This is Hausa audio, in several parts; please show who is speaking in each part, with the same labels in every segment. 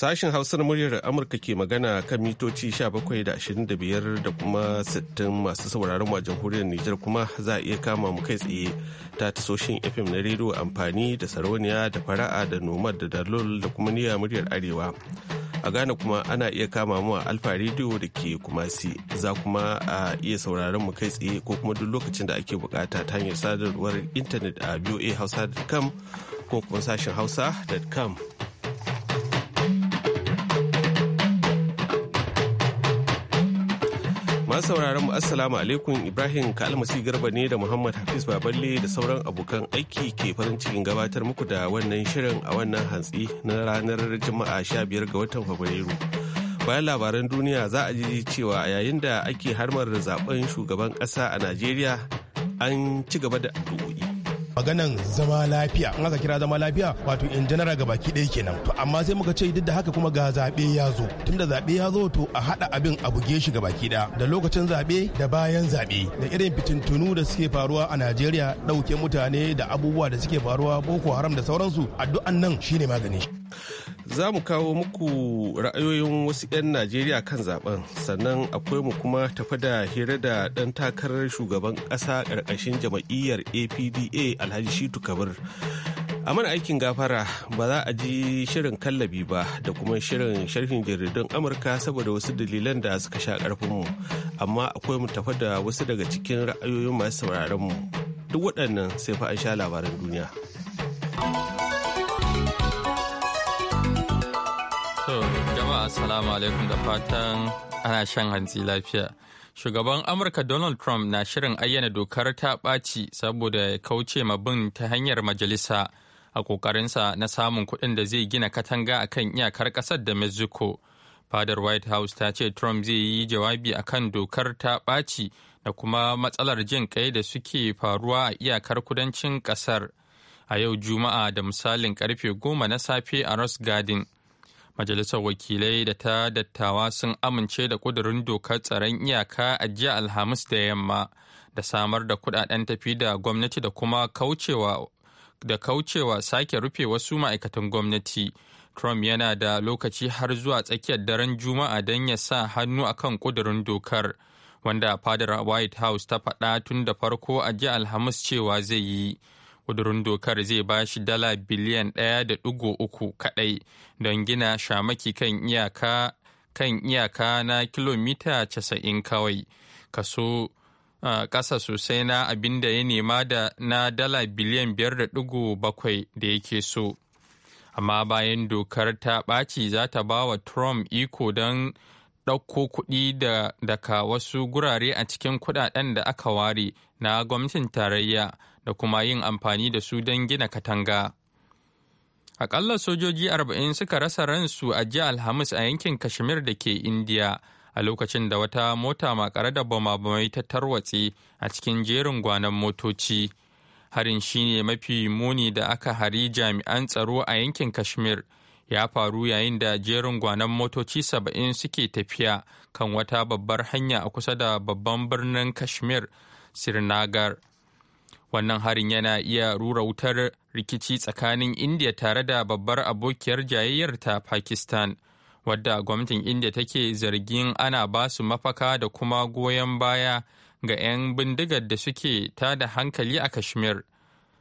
Speaker 1: Sashen Hausar muryar Amurka ke magana kan mitoci 17.25 da kuma 60 masu sauraron mu a jamhuriyar Nijar kuma za a iya kama mu kai tsaye ta tasoshin FM na rediyo amfani da sarauniya da fara'a da nomad da dalol da kuma niyya muryar Arewa. A Ghana kuma ana iya kama mu a Alfa rediyo da ke Kumasi za kuma a iya sauraron mu kai tsaye ko kuma duk lokacin da ake bukata ta hanyar sadarwar intanet a voahausa.com ko kuma sashen hausa.com. Masu sauraron mu Assalamu alaikum Ibrahim Kalmasi Garba ne da Muhammad Hafiz Baballe da sauran abokan aiki ke farin cikin gabatar muku da wannan shirin a wannan hantsi na ranar Juma'a biyar ga watan Fabrairu. Bayan labaran duniya za a ji cewa yayin da ake harmar zaben shugaban ƙasa a Najeriya an ci gaba da addu'o'i. maganan zama lafiya in aka kira zama lafiya wato in general ga baki ɗaya kenan to amma sai muka ce duk da haka kuma ga zaɓe ya zo tunda zaɓe ya zo to a haɗa abin a buge shi ga baki ɗaya da lokacin zaɓe da bayan zaɓe da irin fitintunu da suke faruwa a Najeriya ɗauke mutane da abubuwa da suke faruwa Boko Haram da sauransu addu'an nan shine magani. za mu kawo muku ra'ayoyin wasu 'yan najeriya kan zaben sannan akwai mu kuma tafi da hira da ɗan takarar shugaban ƙasa ƙarƙashin jama'iyyar apda alhaji shitu kabir a mana aikin gafara ba za a ji shirin kallabi ba da kuma shirin sharhin jaridun amurka saboda wasu dalilan da suka sha ƙarfinmu amma akwai mu tafi da wasu daga cikin ra'ayoyin masu mu duk waɗannan sai fa an sha labaran duniya.
Speaker 2: Assalamu alaikum da fatan ana shan hantsi lafiya. Shugaban Amurka Donald Trump na shirin ayyana dokar ta ɓaci saboda ya kauce ma bin ta hanyar majalisa a ƙoƙarinsa na samun kuɗin da zai gina katanga a kan iyakar ƙasar da Mexico. Fadar White House ta ce Trump zai yi jawabi a kan dokar ta ɓaci da kuma matsalar jin kai da suke faruwa a iyakar kudancin ƙasar. A yau Juma'a da misalin ƙarfe goma na safe a Rose Garden. Majalisar Wakilai da ta dattawa sun amince da ƙudurin dokar tsaron iyaka a jiya Alhamis da yamma da samar da kudaden tafi da gwamnati da kuma kaucewa da kaucewa sake rufe wasu ma'aikatan gwamnati. Trump yana da lokaci har zuwa tsakiyar daren Juma'a don ya sa hannu akan kudurin dokar. wanda fadar white house ta faɗa tun da farko a jiya alhamis cewa zai yi kudurin dokar zai ba shi dala biliyan ɗaya da ɗigo uku kaɗai don gina shamaki kan iyaka kan iyaka na kilomita casa'in kawai kaso ƙasa sosai na abin da ya nema da na dala biliyan biyar da ɗigo bakwai da yake so amma bayan dokar ta ɓaci za ta ba wa trump iko don ɗauko kuɗi da daga wasu gurare a cikin kuɗaɗen da aka ware na gwamnatin tarayya da kuma yin amfani da su don gina katanga. Akalla sojoji arba'in suka rasa ransu a jiya Alhamis a yankin Kashmir da ke Indiya a lokacin da wata mota makare da bama-bamai ta tarwatse a cikin jerin gwanan motoci. Harin shine mafi muni da aka hari jami'an tsaro a yankin Kashmir. ya faru yayin da jerin gwanan motoci saba'in suke tafiya kan wata babbar hanya a kusa da babban birnin kashmir sirnagar wannan harin yana iya rura wutar rikici tsakanin india tare da babbar abokiyar jayayyar ta pakistan wadda gwamnatin india take zargin ana ba su mafaka da kuma goyon baya ga 'yan bindigar da suke ta da hankali a kashmir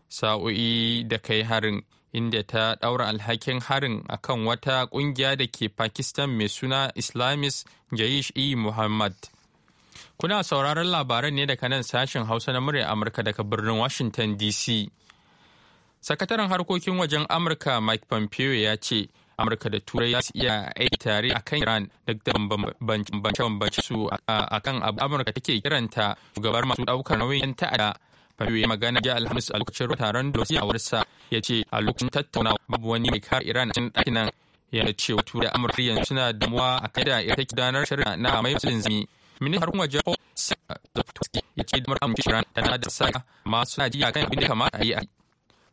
Speaker 2: sa'o'i da kai harin india ta ɗaura alhakin harin akan wata ƙungiya da ke pakistan mai suna islamist jayish e muhammad Kuna sauraron labaran ne daga nan sashen Hausa na murya Amurka daga birnin Washington DC. Sakataren harkokin wajen Amurka Mike Pompeo ya ce, Amurka da Turai za su iya aiki tare a kan Iran duk da bambance-bambance su a kan abu Amurka take kiranta shugabar masu ɗaukar nauyin ta'ada. Pompeo ya magana jiya Alhamis a lokacin taron da a warsa ya ce a lokacin tattaunawa babu wani mai kare Iran a cikin ɗakinan ya ce turai da Amurka yanzu suna damuwa a kan da ita gudanar shirin na mai musulun ministan waje ko zafi ya ce damar amince shirin na da saka masu najiya kan abin da kamata a yi a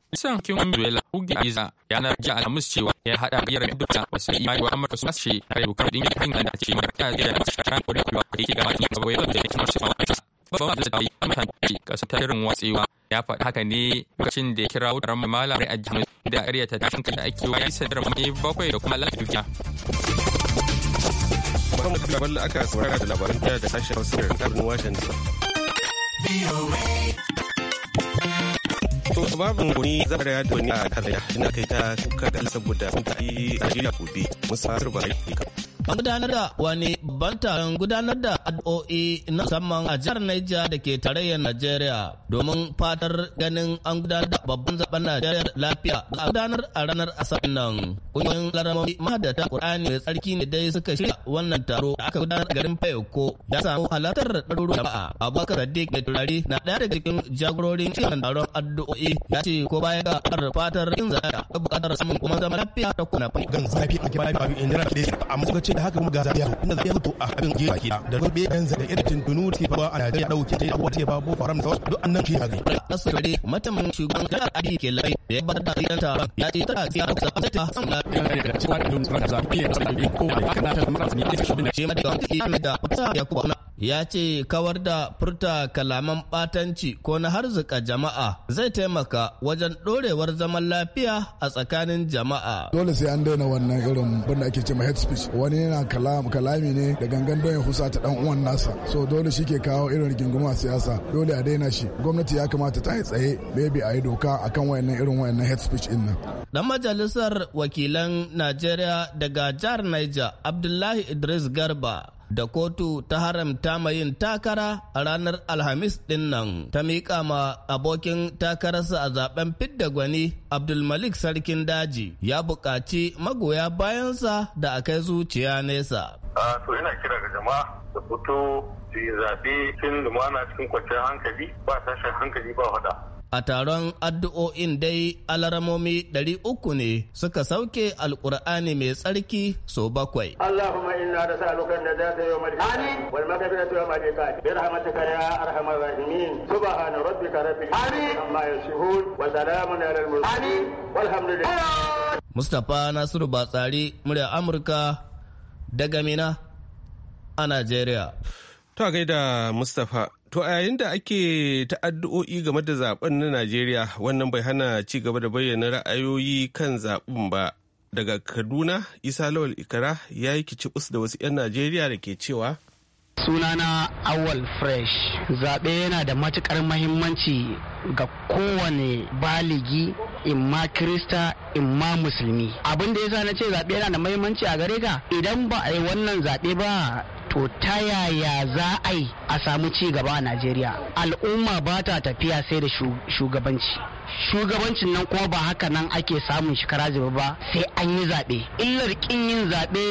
Speaker 2: Nisan kin Venezuela Ugi Aiza ya na ji alhamis cewa ya haɗa biyar dukkan wasu imani wa Amurka su ce a yau kan dinga hanyar da ce mara ta gida da sharan kuɗin kuwa da yake gaba cikin gaba da ya kamar su ba wata. Babban da ta yi mutane ce kasar ta irin watsewa ya faɗi haka ne lokacin da ya kira wutar malamai a jami'a da ƙaryata ta kan da ake wa ya yi mai bakwai da kuma lafiya. Muhammad Kabir Bello aka saurara da labaran duniya da sashen Hausa da Birnin Washington.
Speaker 1: To babin wani zara ya wani a karya ina kai ta kuka da saboda sun tafi a Najeriya gobe musa turba
Speaker 3: An gudanar da wani ban taron gudanar da addu'o'i na musamman a jihar Niger da ke tarayyar Najeriya domin fatar ganin an gudanar da babban zaben Najeriya lafiya da gudanar a ranar Asabar nan. Kungiyoyin laramomi mahadata Kur'ani mai tsarki ne dai suka shirya wannan taro da aka gudanar garin Fayoko ya samu halartar da ba'a. Abubakar Sadiq mai turare na ɗaya daga cikin jagororin cikin taron addu'o'i ya ce ko baya ga kar fatar yin zaka ta buƙatar samun kuma zama lafiya
Speaker 1: ta kuna fai. Gan zafi a kibabi in jira da ya amma suka ce da haka kuma ga zafi yaro inda zafi to a abin gefe da gobe yan da irin tuntunu ke ba a Najeriya ɗauke ta abuwa ce ba Boko Haram da wasu duk na shi ne.
Speaker 3: shugaban jihar Adi ke lai da ya ba da yan ta. ya ce tana siya kusa ta ta san na da cewa da dun tsara zaɓi ya tsara ko ba haka na ta mara sani da shi da shi da wani da fasa ya kuma na ya ce kawar da furta kalaman batanci ko na harzuka jama'a zai taimaka wajen ɗorewar zaman lafiya a tsakanin jama'a. Dole sai an daina wannan irin wanda ake cewa head speech wani yana kalami ne da gangan don ya husa ta dan uwan nasa so dole shi ke kawo irin a siyasa dole a daina shi gwamnati ya kamata ta yi tsaye maybe a yi doka a kan wayannan irin wayannan head speech din nan. Dan majalisar wakilan Najeriya daga jihar Niger Abdullahi Idris Garba da kotu ta haramta ma yin takara a ranar alhamis din nan ta miƙa ma abokin takararsa a zaben fidda gwani abdulmalik sarkin daji ya buƙaci magoya bayansa da a kai zuciya nesa.
Speaker 4: So ina kira ga jama'a da fito su yi zaɓe cikin lumana cikin kwanciyar hankali ba tashin hankali ba faɗa.
Speaker 3: A taron addu'o'in dai alaramomi ɗari uku ne suka sauke alƙur'ani mai tsarki so bakwai.
Speaker 5: Allahumma inna da sa'alukan da za ta yi wa malhani wal magabina tuwa malika bi rahmatika ya arhamar rahimin subhana rabbika rabbil alamin amma yasifun wa salamun alal mursalin walhamdulillah.
Speaker 3: Mustapha Nasiru Batsari murya Amurka daga Mina
Speaker 1: a Najeriya. Ta gaida Mustapha To yayin da ake ta'addu'o'i game da zaben na Najeriya wannan bai hana ci gaba da bayyana ra'ayoyi kan zaben ba. Daga Kaduna, Isa Lawal Ikara ya yi kicibus da wasu 'yan Najeriya da ke cewa
Speaker 5: sunana awal fresh zaɓe yana da matuƙar mahimmanci ga kowane baligi imma krista imma musulmi abin da yasa na ce zaɓe yana da mahimmanci a gare ka idan ba a yi wannan zaɓe ba to ta yaya za a yi a samu ci gaba a najeriya al'umma ba ta tafiya sai da shugabanci shugabancin nan kuma ba haka nan ake samun shi karajiba ba sai an yi zaɓe illar kin yin zaɓe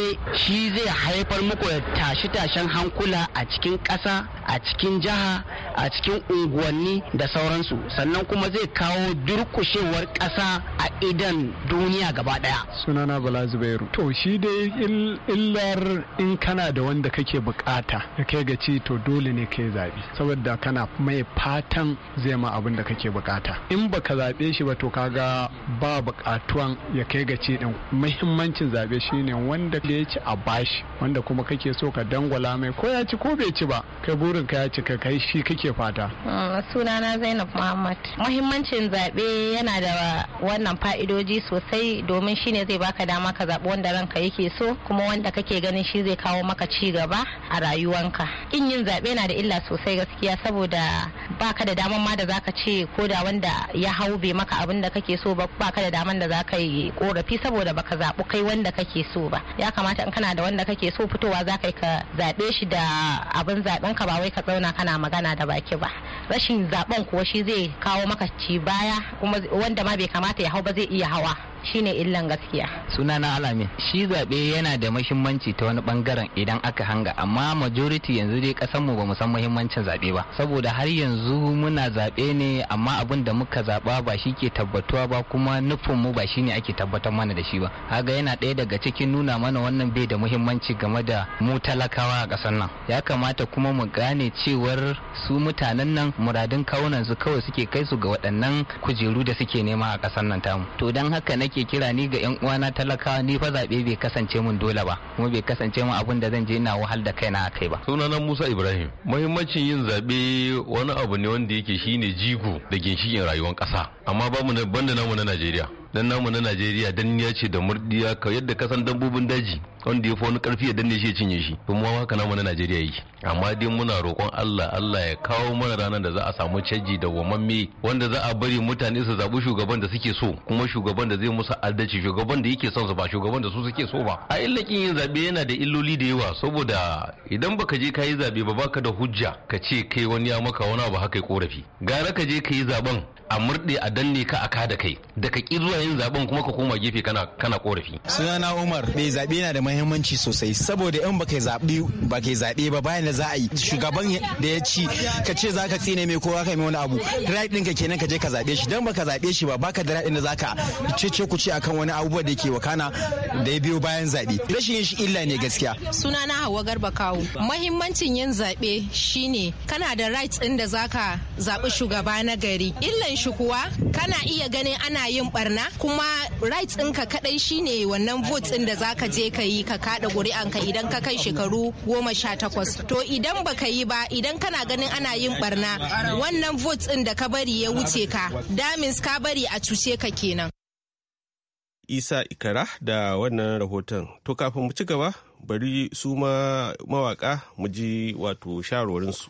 Speaker 5: shi zai haifar muku da tashi-tashen hankula a cikin ƙasa a cikin jiha a cikin unguwanni da sauransu sannan kuma zai kawo durkushewar ƙasa a idan duniya gaba ɗaya
Speaker 6: sunana bala zubairu to shi dai illar in kana da wanda kake kake bukata da kai ga ci to dole ne kai zabi saboda kana mai fatan zai ma abin da kake bukata in baka zaɓe shi ba to kaga ba bukatuwan ya kai ga ci din muhimmancin zabe shine wanda da ya ci a bashi wanda kuma kake so ka dangwala mai ko ya ci ko bai ci ba kai burin ka ya ci ka kai shi kake fata
Speaker 7: sunana Zainab Muhammad
Speaker 5: muhimmancin zaɓe yana da wannan fa'idoji sosai domin shine zai baka dama ka zabi wanda ranka yake so kuma wanda kake ganin shi zai kawo maka ci gaba a rayuwanka in yin zaɓe na da illa sosai gaskiya saboda baka da daman ma da zaka ce ko da wanda ya hau bai maka abin da kake so ba baka da daman da zaka yi korafi saboda ba ka zaɓi kai wanda kake so ba ya kamata in kana da wanda kake so fitowa zaka ka zaɓe shi da abin zaɓen ka ba wai ka tsauna kana magana da baki ba rashin zaɓen kuwa shi zai kawo maka ci baya kuma wanda ma bai kamata ya hau ba zai iya hawa shine illan gaskiya
Speaker 6: sunana alamin shi zaɓe yana da mahimmanci ta wani bangaren idan aka hanga amma majority yanzu dai kasan mu bamu san mahimmancin zaɓe ba saboda har yanzu muna zaɓe ne amma abin da muka zaɓa ba shi ke tabbatuwa ba kuma nufin mu ba shi ne ake tabbatar mana da shi ba haga yana ɗaya daga cikin nuna mana wannan bai da muhimmanci game da mu talakawa a ƙasar nan
Speaker 5: ya kamata kuma mu gane cewar su mutanen nan muradin kawunan su kawai suke kai
Speaker 6: su ga waɗannan kujeru da suke nema a ƙasar nan tamu to don haka nake nake kira ni ga yan uwana talakawa ni fa zaɓe bai kasance mun dole ba kuma bai kasance mun abun da zan je ina wahal da kaina akai ba
Speaker 1: sunana Musa Ibrahim muhimmancin yin zaɓe wani abu ne wanda yake shine jigo da ginshikin rayuwar kasa amma ba mu banda namu na Najeriya dan namu na Najeriya dan ya ce da murdiya ka yadda kasan dambobin daji wanda ya fi wani karfi ya danne shi ya cinye shi kuma ma haka namu na Najeriya yi amma dai muna roƙon Allah Allah ya kawo mana ranar da za a samu canji da wamamme wanda za a bari mutane su zaɓi shugaban da suke so kuma shugaban da zai musu adalci shugaban da yake son su ba shugaban da su suke so ba a illakin yin zaɓe yana da illoli da yawa saboda idan baka je ka yi zaɓe ba baka da hujja ka ce kai wani ya maka wani abu haka korafi gara ka je ka yi zaɓen
Speaker 6: a murɗe a danne ka a kada kai da ka ƙi zuwa yin zaɓen kuma ka koma gefe kana kana korafi sunana Umar bai zaɓe na da mahimmanci sosai saboda in baka zaɓi kai zaɓe ba bayan da za a yi shugaban da ya ci ka ce za ka tsine mai kowa kai mai wani abu right ɗinka kenan ka je ka zaɓe shi dan ka zaɓe shi ba baka da right da za ka cece ku ce akan wani abubuwa da ke wakana da ya biyo bayan zaɓe rashin yin shi illa ne gaskiya
Speaker 5: sunana Hauwa Garba Kawo mahimmancin yin zaɓe shine kana da right ɗin da zaka zaɓi shugaba na gari illan shi kuwa kana iya ganin ana yin barna kuma right ɗinka kadai shine wannan vote ɗin da zaka je ka yi ka kada ƙuri'anka idan ka kai shekaru goma sha takwas to idan baka yi ba idan kana ganin ana yin barna wannan vote ɗin da ka bari ya wuce ka damins ka bari a cuce ka kenan
Speaker 1: isa ikara da wannan rahoton to kafin mu ci gaba bari su ma mawaka mu ji wato shawarwarinsu.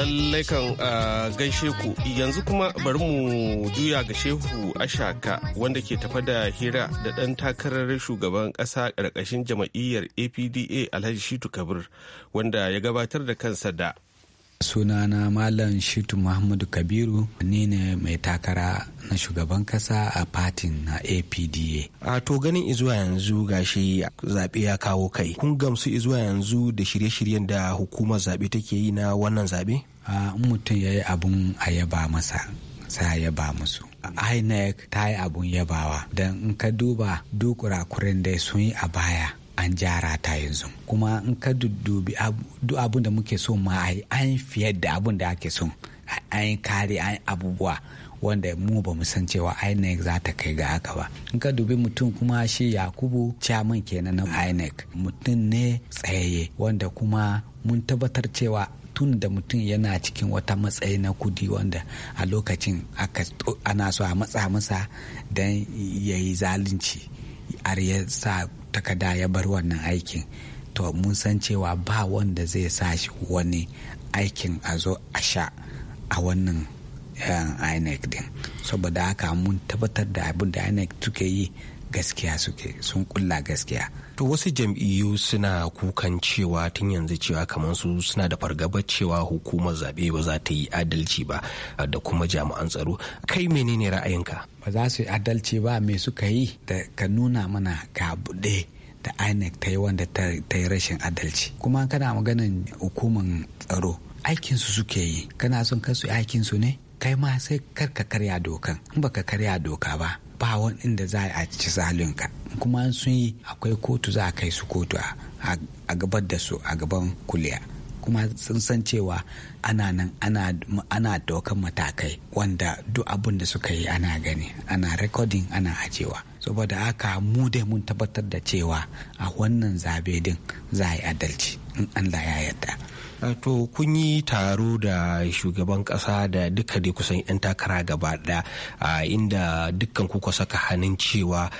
Speaker 1: lallai kan gaishe ku yanzu kuma bari mu juya ga shehu ashaka wanda ke tafa da hira da ɗan takarar shugaban ƙasa ƙarƙashin jama'iyyar apda alhaji shitu kabir wanda ya gabatar da kansa da
Speaker 6: sunana malam shitu muhammadu kabiru ni ne mai takara na shugaban kasa a fatin na apda a to ganin izuwa yanzu gashi zaɓe ya kawo kai kun gamsu izuwa yanzu da shirye-shiryen da hukumar zaɓe take yi na wannan zaɓe a mutum ya yi abun a yaba masa sai a yaba musu inec ta yi abun yabawa don in ka duba duk kurakuren da sun yi a baya an jara ta yanzu kuma in ka duddubi duk abun da muke so ma ai an fiye da abun da ake so an kare an abubuwa wanda mu ba mu san cewa inec za ta kai ga haka ba in ka dubi mutum kuma shi yakubu chairman kenan na inec mutum ne tsayaye wanda kuma mun tabbatar cewa tun da mutum yana cikin wata matsayi na kudi wanda a lokacin ana so a matsa masa don ya yi zalunci har ya sa takada ya bar wannan aikin to mun san cewa ba wanda zai sa shi wani aikin a zo a sha a wannan eh, inec din saboda haka mun tabbatar da abin da inec suke yi gaskiya suke sun kulla gaskiya to wasu jam'iyyu suna kukan cewa tun yanzu cewa kamar su suna da fargabar cewa hukumar zaɓe ba za ta yi adalci ba ah, da kuma jami'an tsaro kai menene ra'ayinka ba za su yi adalci ba me suka yi da ka nuna mana ga buɗe da inec ta yi wanda ta yi rashin adalci kuma kana maganin hukumar tsaro aikinsu suke yi kana son kasu su ne kai ma sai karka karya dokan in baka karya doka ba ba wanda za a ci salinka kuma an sun yi akwai kotu za a kai su kotu a gabar da su a gaban kuliya kuma sun san cewa ana nan ana dokan matakai wanda duk abin da suka yi ana gani ana recording ana ajewa saboda haka mu dai mun tabbatar da cewa a wannan zabe din za a yi adalci in allah ya yarda to kun yi taro da shugaban kasa da duka dai kusan 'yan takara gaba daya inda dukkan kuka saka hannun cewa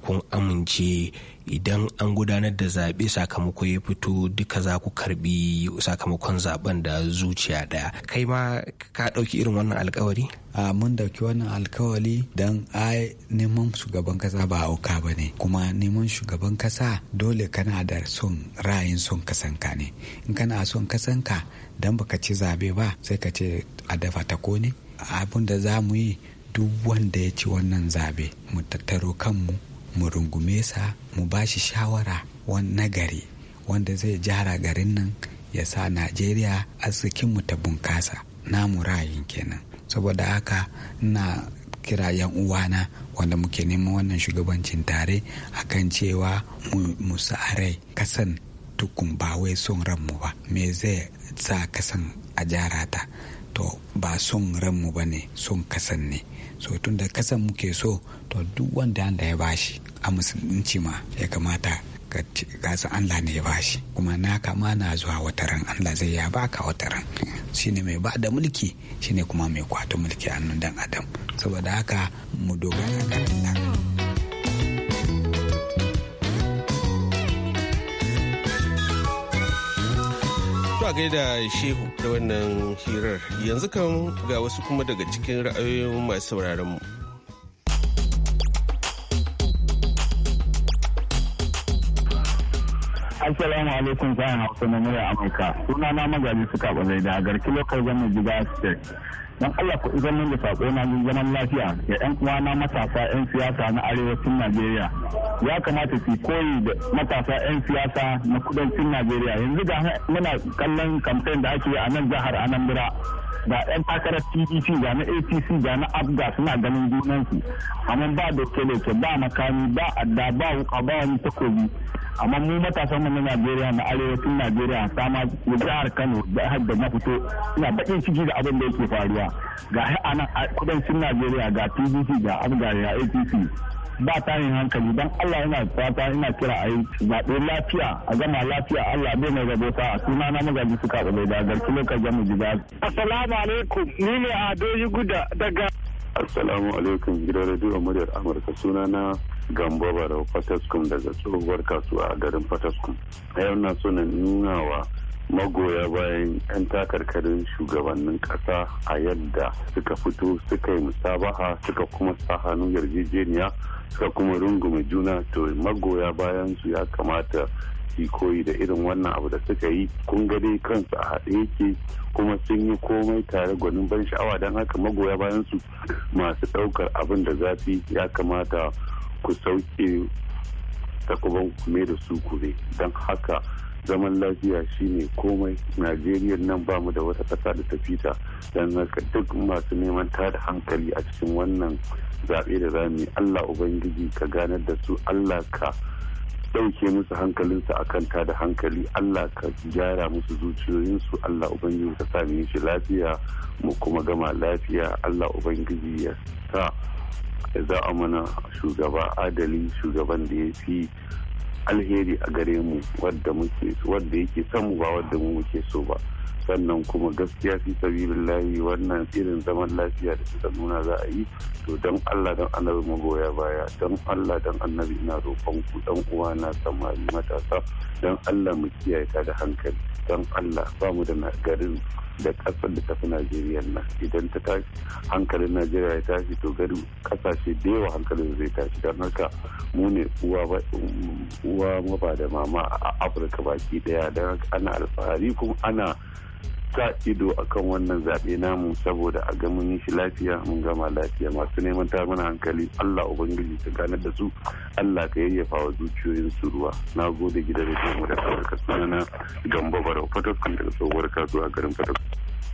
Speaker 6: kun amince idan an gudanar da zaɓe sakamako ya fito duka za ku karbi sakamakon zaben da zuciya ɗaya kai ma ka ɗauki irin wannan alkawari a mun dauki wannan alkawali don ai neman shugaban kasa ba auka ba ne kuma neman shugaban kasa dole kana da son ra'ayin son kasanka ne in kana son kasanka don baka ci zabe ba sai ka ce a dafa ta ne abin da za mu yi duk wanda ya ci wannan zabe mu tattaro kanmu mu rungume sa mu ba shi shawara wani gari wanda zai jara garin nan ya sa najeriya mu ta bunkasa namu ra'ayin kenan saboda haka na kira yan uwana wanda muke neman wannan shugabancin tare a kan cewa mu sa kasan tukun ba wai son ranmu ba me zai sa kasan a jarata to ba son ranmu ba ne son kasan ne so tun da kasan muke so to duk wanda da ya bashi a musulunci ma ya kamata ka gasa Allah ne ya bashi kuma na kama na zuwa wata ran Allah zai ya baka wata ran shine mai ba da mulki shine kuma mai kwato mulki a nan dan adam saboda haka mu dogara ga Allah
Speaker 1: gaida shehu da wannan hirar yanzu kan ga wasu kuma daga cikin ra'ayoyin masu
Speaker 7: sauraron mu. Assalamu alaikum zai hausa na murya Amurka. Suna na magaji suka ɓazai da garki lokal gama jiga state. don Allah ku izan min da sako na zaman lafiya ya yan uwana matasa yan siyasa na arewacin Najeriya ya kamata su koyi da matasa yan siyasa na kudancin Najeriya yanzu ga muna kallon kamfen da ake yi a nan jihar Anambra ga yan takarar PDP ga na APC ga na ABGA suna ganin junansu amma ba da ba makami ba adda ba wuka ba wani takobi amma mu matasan mu na Najeriya na arewacin Najeriya sama da jihar Kano da har da na ina bakin ciki da abin da yake faruwa ga anan kudancin Najeriya ga PDP ga Abga ga APC ba ta yin hankali dan Allah yana fata ina kira a yi zaɓe lafiya a gama lafiya Allah bai mai rabo ta a suna na magaji suka ɓule da garki lokacin jamu jiga.
Speaker 4: Assalamu alaikum ni ne Ado Yuguda daga. Assalamu alaikum gidan radio muryar Amurka sunana gambo barau fataskun daga tsohuwar kasuwa a garin fataskun a yau na so nuna wa magoya bayan 'yan takarkarin shugabannin ƙasa a yadda suka fito suka yi musabaha suka kuma sa hannun yarjejeniya suka kuma rungume juna to magoya bayan su ya kamata su koyi da irin wannan abu da suka yi kun ga kansu a haɗe yake kuma sun yi komai tare gwanin ban sha'awa don haka magoya bayan su masu ɗaukar abin da zafi ya kamata ku sauke takuban kume da su kure don haka zaman lafiya shine komai najeriya nan ba mu da wata kasa da ta fita don haka duk masu neman ta da hankali a cikin wannan zaɓe da zami allah ubangiji ka ganar da su allah ka ɗauke musu hankalinsu a kan ta da hankali allah ka gyara musu zuciyoyinsu allah ubangiji ka sami shi lafiya mu kuma gama lafiya allah ubangiji ya sa ya za a mana shugaba adali shugaban da ya fi alheri a gare mu wadda muke wadda yake samu ba wadda mu muke so ba sannan kuma gaskiya fi layi wannan irin zaman lafiya da suka nuna za a yi to don Allah don annabi magoya baya don Allah don annabi ina roƙon ku dan uwa na samari matasa don Allah mu kiyaye ta da hankali don Allah ba mu da garin da kasar da ta fi najeriya na idan ta tashi hankalin najeriya ya tashi to gari kasashe da yawa hankalin zai tashi don haka mu ne uwa mafa da mama a afirka baki daya don haka ana alfahari kuma ana sa ido a kan wannan zaɓe namu saboda a ga mun yi shi lafiya mun gama lafiya masu neman ta mana hankali Allah ubangiji ta ganar da su Allah ka yayyafa wa zuciyoyin su ruwa na gode gidan da mu da Amurka sunana Gamba Barau fatakun tsohuwar kasuwa garin fatakun.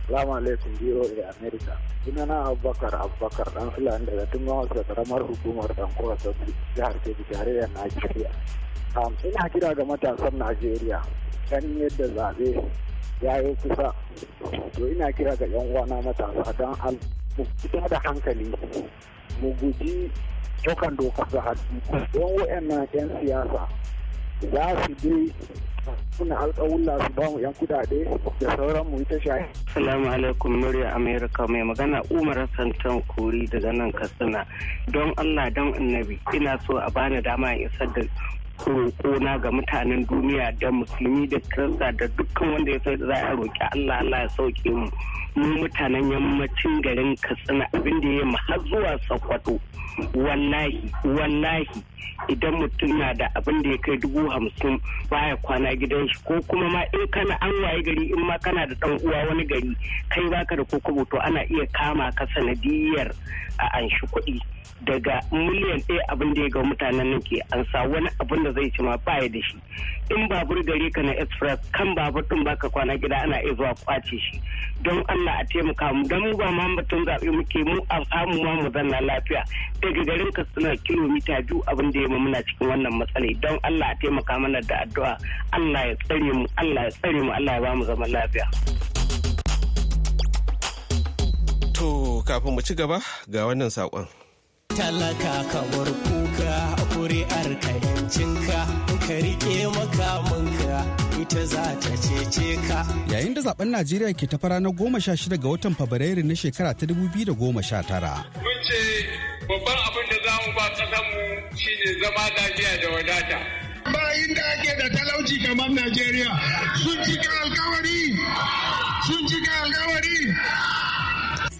Speaker 6: Salamu alaikum biyo da Amerika. ina na Abubakar Abubakar dan Fulani daga ma wasu karamar hukumar Dankowa Sofi jihar Kebbi tarayyar Najeriya. Ina kira ga matasan Najeriya ganin yadda zaɓe ya yi kusa. To ina kira ga 'yan uwana matasa dan al fita da hankali mu guji ɗaukan dokar da hadu don wa'annan 'yan siyasa
Speaker 4: za su bi suna alƙawulla su ba mu 'yan kudade da sauran mu ita shayi. Salamu
Speaker 5: alaikum murya Amerika mai magana Umar Santan Kori daga nan Katsina. Don Allah don annabi ina so a bani dama in isar da roƙona ga mutanen duniya da musulmi da kirista da dukkan wanda ya sai za a roƙi Allah Allah ya sauke mu mu mutanen yammacin garin Katsina abin da ya har zuwa Sokoto wallahi wallahi idan mutum na da abin da ya kai dubu hamsin baya kwana gidan shi ko kuma ma in kana an waye gari in ma kana da dan uwa wani gari kai baka da kokobo to ana iya kama ka sanadiyar a anshi kuɗi daga miliyan ɗaya abin da ya ga mutanen nan ke an sa wani abin da zai ci ma baya da shi in babur gare ka na express kan babur din baka kwana gida ana iya zuwa kwace shi don Allah a taimaka mu don mu ba ma mutum zaɓe muke mu a samu ma mu zanna lafiya daga garin ka suna kilomita biyu abin da ya ma muna cikin wannan matsalai don Allah a taimaka mana da addu'a Allah ya tsare mu Allah ya tsare mu Allah ya ba mu zaman lafiya.
Speaker 1: To kafin mu ci gaba ga wannan
Speaker 5: saƙon. talaka kamar kuka kuri'ar kayancinka ka rike makamanka ita za ta cece ka
Speaker 6: yayin da zaben najeriya ke tafara na goma sha shida ga watan fabrairu na shekara ta dubu biyu da goma sha tara mun ce
Speaker 2: babban abin da za mu ba shi shine zama lafiya da wadata
Speaker 6: bayin da ake da talauci kamar najeriya sun cika alkawari sun cika alkawari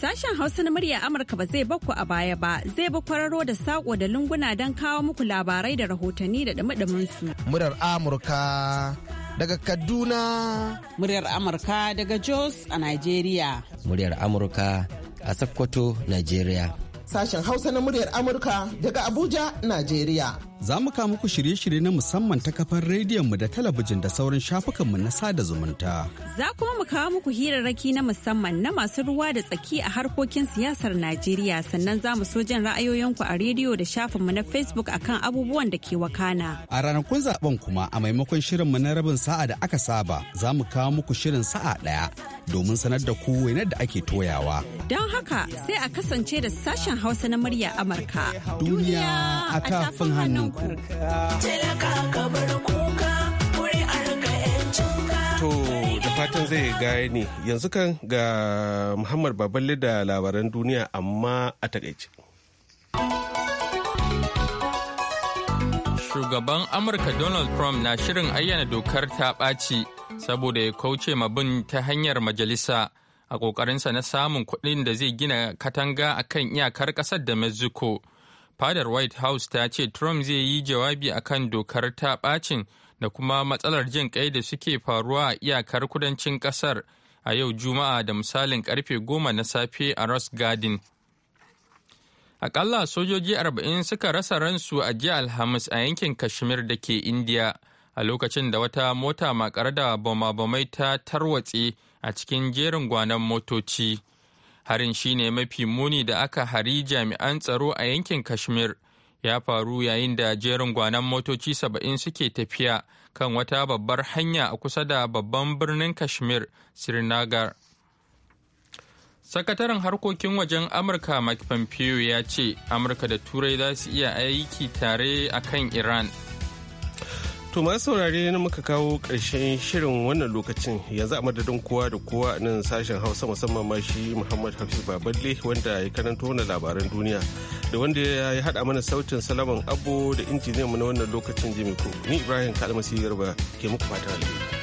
Speaker 6: Sashen Hausa na murya Amurka ba zai bakku a baya ba, zai ba kwararo da saƙo da lunguna don kawo muku labarai da rahotanni da dumi su. Murar Amurka daga Kaduna. Muryar Amurka daga Jos a Najeriya. Muryar Amurka a Sokoto, Najeriya.
Speaker 5: sashen Hausa na muryar Amurka daga Abuja, Najeriya.
Speaker 6: Za mu kawo muku shirye-shirye na musamman ta kafar rediyon mu da talabijin da sauran mu na sada zumunta. Za kuma mu kawo muku hirarraki na musamman na masu ruwa da tsaki a harkokin siyasar Najeriya sannan za mu so jin ra'ayoyinku a rediyo da shafinmu na Facebook akan abubuwan da ke wakana. A ranakun zaben kuma a maimakon shirin mu na rabin sa'a da aka saba za mu kawo muku shirin sa'a ɗaya domin sanar da ku wainar da ake toyawa. Don haka sai a kasance da sashen Hausa na murya Amurka. Duniya a tafin hannunku.
Speaker 1: To da fatan zai gaya ne yanzu kan ga Muhammad Baballe da labaran duniya amma a takaice.
Speaker 2: Shugaban Amurka Donald Trump na shirin ayyana dokar ta ɓaci saboda ya kauce ma bin ta hanyar majalisa a ƙoƙarinsa na samun kuɗin da zai gina katanga a kan iyakar ƙasar da mexico fadar white house ta ce trump zai yi jawabi a kan dokar ta ɓacin da kuma matsalar jin kai da suke faruwa a iyakar kudancin kasar a yau juma'a da misalin karfe goma na safe a ross garden akalla sojoji arba'in suka rasa ransu a jiya alhamis a yankin kashmir da ke india a lokacin da wata mota makar da bama-bamai ta tarwatse a cikin jerin gwanan motoci. Harin shine mafi muni da aka hari jami'an tsaro a yankin Kashmir. Ya faru yayin da jerin gwanon motoci saba'in suke tafiya kan wata babbar hanya a kusa da babban birnin Kashmir, Srinagar. Sakataren harkokin wajen Amurka Mike Pompeo ya ce, Amurka da Turai za su iya aiki tare a kan Iran.
Speaker 1: To masu saurare na muka kawo ƙarshen shirin wannan lokacin yanzu a madadin kowa da kowa nan sashen Hausa musamman ma shi Muhammad Hafiz Baballe wanda ya karanto mana labaran duniya da wanda ya haɗa mana sautin salaman Abbo da injiniyan mu na wannan lokacin Jimiko. Ni Ibrahim Kalmasi Garba ke muku fata alheri.